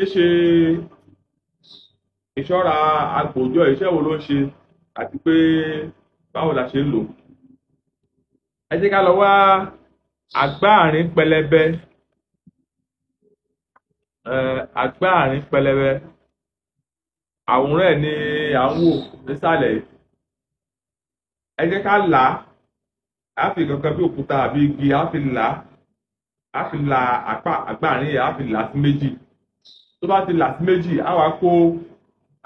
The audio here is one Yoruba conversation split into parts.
ṣíṣe ìṣọ́ra agbòjọ iṣẹ́ wo ló ń ṣe àti pé báwo la ṣe ń lò ẹ jẹ́ ká lọ wá àgbáàrín pẹlẹbẹ àgbáàrín pẹlẹbẹ àwòrán ẹ̀ ni à ń wò nísàlẹ̀ yìí ẹ jẹ́ ká là á fi kankan bí òkúta àbí igi á fi là á fi là àgbáàrín yẹn á fi là sí méjì. tó bá ti là méjì á kó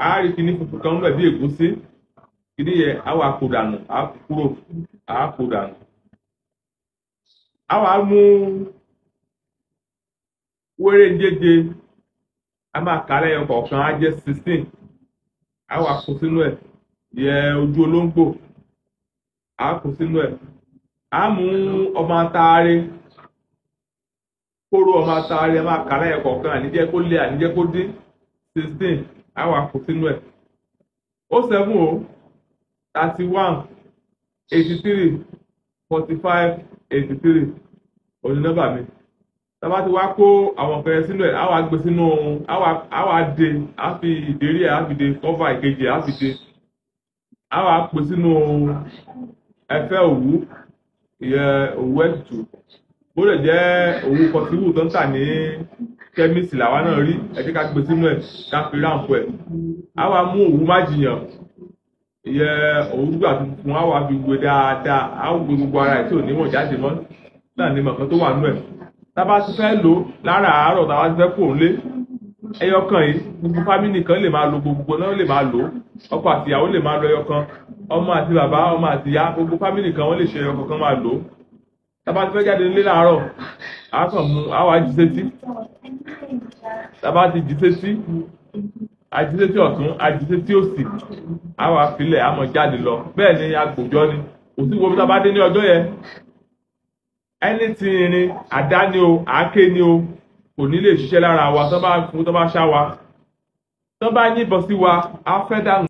àárí funfun kan níbẹ̀ ègúsí kíní yẹn á kó dànù á kúrò dànù. mú wéré a máa kà á lẹ́yọ kọ̀ọ̀kan á jẹ́ sixteen kó sínú ẹ̀ yẹ ojú olóńgbò kóró ọmọ atari ọmọ akara ẹkọ láyẹ kọ̀ọ̀kan kó lé àníjẹ́ kó dín sixteen àwọn ó o thirty one eighty three forty five eighty mi tábà ti wá kó àwọn ọ̀kẹ́rẹ́ sínú ẹ̀ àwọn àgbẹ̀ sínú ohun àwọn àdè àfi ìdérí ẹ̀ àfìdè kọ́fà ìkejì àfìdè àwọn sínú òwú òwú bó lè jẹ́ òwú kọtíwù tó ń tà ní kẹ́míìsì làwa náà rí ẹ jẹ́ ká gbé sínú ẹ̀ ká fi ráǹpù ẹ̀ á wá mú òwú má jiyàn ìyẹ òwú gbà tuntun á wá fi gbé dáadáa á gbé gbogbo ara ẹ̀ tí ò níwọ̀n jáde mọ́ náà ní mọ̀kàn tó wà nú ẹ̀ tábà ti fẹ́ lò lára àárọ̀ tábà ti fẹ́ kó ń lé ẹyọ kan yìí gbogbo fámìlì kan lè máa lo gbogbo náà lè máa lò ọkọ àti ìyàwó lè máa lo ẹyọ kan ọmọ àti bàbá ọmọ àti ìyá gbogbo fámìlì kan wọ́n lè ṣe ẹyọ kọ̀ọ̀kan máa lò ó tàbá ti fẹ́ jáde nílé làárọ̀ a kàn mú àwa jìsétí tàbá ti jìsétí àjìsétí ọ̀tún àjìsétí òsì àwa filẹ̀ àmọ̀ jáde lọ bẹ́ẹ̀ ni agbòjọ́ ni òsì wo tàbá dé ní ọjọ́ yẹn ẹni tí irin àdá ni o àáké ni o kò ní lè ṣiṣẹ́ lára wa tó bá fún tó bá ṣá wa tó bá yìnbọn sí wa á fẹ́ dànù.